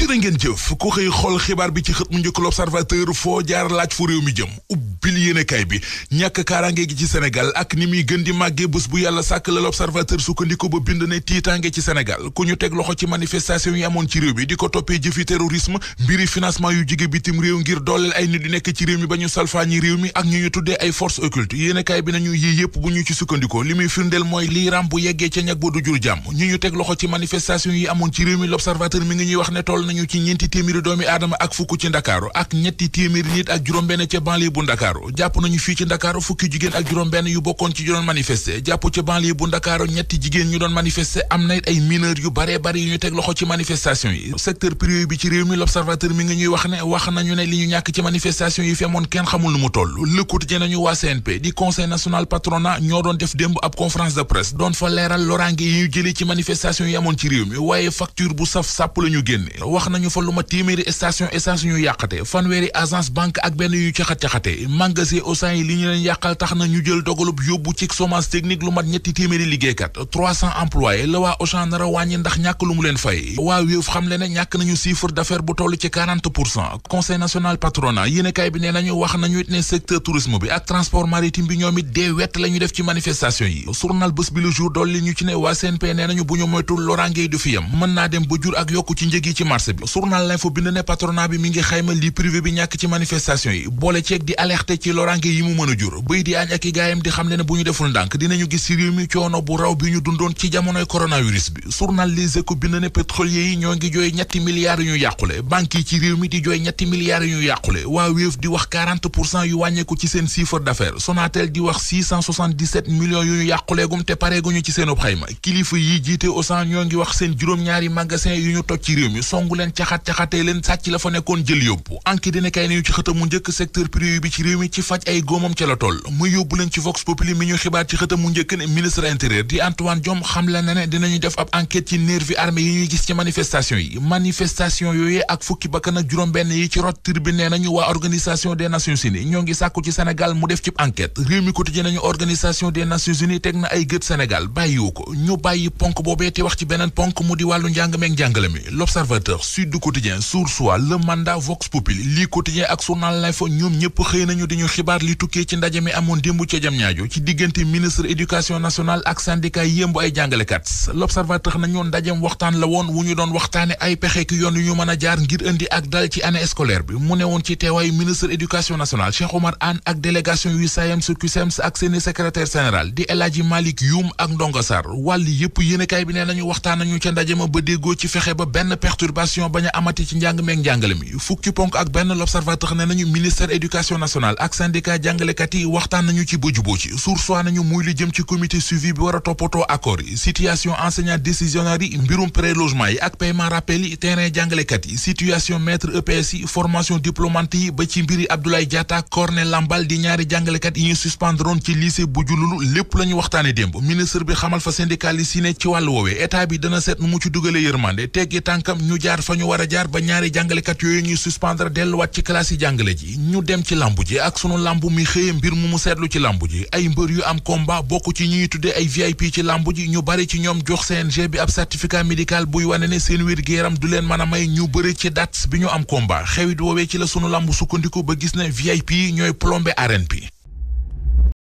jërë ngeen jëf ku xëy xool xibaar bi ci xët mu njëkk l'observateur foo jaar laaj fu réew mi jëm ubbil yéenekaay bi ñàkk kaaraange gi ci Sénégal ak ni muy gën di màggee bés bu yàlla sàkk la l'observateur sukkandiku ba bind ne ñu teg loxo ci manifestation yi amoon ci réew bi di mi ba ñu salfaañi réew mi ak ñu ñu force occulte yéenekaay bi nañu yii yëpp ñu ci sukkandikoo li muy firndeel mooy lii bu yeggee ca ñag ba du jur jàmm ñu ñu teg loxo ci manifestation yi amoon ci réew mi l'observateur ne toll nañu ci ñeenti téeméeri doomi aadama ak fukk ci ndakaaru ak ñetti téeméeri nit ak juróom-benn ca banlieue bu ndakaaru jàpp nañu fii ci ndakaaru fukki jigéen ak juróom-benn yu bokkoon ci ñu doon manifester jàpp ca banlieue bu ndakaaru ñetti jigéen ñu doon manifester am na it ay mineur yu bare bari yu ñu teg loxo ci manifestation yi secteur privé bi ci réew mi l'observateur mi ngi ñuy wax ne wax nañu ne li ñu ñàkk ci manifestation yi fi amoon kenn xamul nu mu toll Le Quotidien nañu waa CNP di conseil national patronat ñoo doon def démb ab conférence de presse doon fa leeral loraange yi ci manifestation yi amoon ci réew mi waaye facture bu saf sàpp la ñu génne wax nañu fa lu ma téeméeri station essence ñu yàqate fanweeri agence banque ak benn yu caxat-caxate magasin Auchan yi li ñu leen yàqal tax na ñu jël dogalub yóbbu ci chômage technique lu mat ñetti téeméeri liggéeykat 300 employés la waa Auchan nar a wàññi ndax ñàkk lu mu leen fay waa Wave xam le na ñàkk nañu chiffre d'affaires bu toll ci 40 pour cent conseil national patronat yéenekaay bi nee nañu wax nañu it ne secteur tourisme bi ak transport maritime bi ñoom it dee la ñu def ci manifestation yi journal bés bi le jour dolli ne waa CNP nee nañu bu ñu moytul loraange yi fi yam mën naa dem ba jur ak yokku ci njëg ci marché marché bi journal l'info bind ne patronat bi mi ngi xayma li privé bi ñàkk ci manifestation yi boole ceeg di alerté ci lorange yi mu mën a jur bëy di añ ak i gaayam di xam ne ne bu ñu deful ndànk dinañu gis ci réew mi coono bu raw bi ñu dundoon ci jamonoy coronavirus bi journal Les bind ne pétrolier yi ñoo ngi jooy ñetti milliards yu ñu yàqule banque yi ci réew mi di jooy ñetti milliards yu ñu yàqule waa Wave di wax 40 pour cent yu wàññeeku ci seen chiffre d'affaires Sonatel yi jiite Auchan ñoo leen caxat-caxatee leen sàcc la fa nekkoon jël yóbbu anki dina kay nañu ci xëtamu njëkk secteur privé bi ci réew mi ci faj ay góomam ca la toll muy yóbbu leen ci vox populi mi ñu xibaar ci xëtamu njëkk ne ministre intérieur di Antoine Diome xam la ne ne dinañu def ab enquête ci nervi armée yi ñuy gis ci manifestation yi manifestation yooyee ak fukki bakkan juróom-benn yi ci rot tribune nee nañu waa organisation des nations unies ñoo ngi sàkku ci Sénégal mu def ci enquête di wàllu njàng meeg l'Observateur Sud Quotidien Source A Le Mandat Vox Populi lii Quotidien ak journal L'Info ñoom ñëpp xëy nañu di ñu xibaar li tukkee ci ndaje mi amoon démb ca Diamniadio ci diggante ministre éducation nationale ak syndicat yémb ay jàngalekat L'Observateur nañu ndajem waxtaan la woon wu ñu doon waxtaane ay pexe ki yoon yu ñu mën a jaar ngir indi ak dal ci année scolaire bi mu ne woon ci teewaayu ministre éducation nationale Cheikh Oumar Anne ak délégation yu SAEMS CUSEMS ak seeni secrétaire général di El Hadji Malick Youm ak Ndongo Sarr wàll nañu waxtaan nañu ca ndaje ma ba déggoo ci fexe ba benn perturbation discrimination a amati ci njàng meeg njàngale mi fukki ponk ak benn l'observateur ne nañu ministère éducation nationale ak syndicat jàngalekat yi waxtaan nañu ci bëju boo ci sursoi nañu muy li jëm ci comité suivi bi war a toppatoo accord yi situation enseignant décisionnaire yi mbirum prélogement yi ak paiement rappel yi terrain jàngalekat yi situation maître EPS yi formation diplômante yi ba ci mbiri Abdoulaye Diatta Corne Lambal di ñaari jàngalekat yi ñu suspendroon ci lycée bu jululu lépp la ñu waxtaane démb ministre bi xamal fa syndicaliste yi ne ci wàllu woowee état bi dana mu ci dugale yërmande teggi tànkam ñu jaar jaar ñu war a jaar ba ñaari jàngalekat yooyu ñuy suspendre delluwaat ci classe yi jàngale ji ñu dem ci lambu ji ak sunu lambu mi xëye mbir mu mu seetlu ci lambu ji ay mbër yu am combat bokk ci ñuy tuddee ay VIP ci làmb ji ñu bari ci ñoom jox seen CNG bi ab certificat médical buy wane ne seen wér gu yaram du leen mën a may ñu bëri ci date bi ñu am combat xewit woowee ci la sunu làmb sukkandiku ba gis ne VIP ñooy plombé arène bi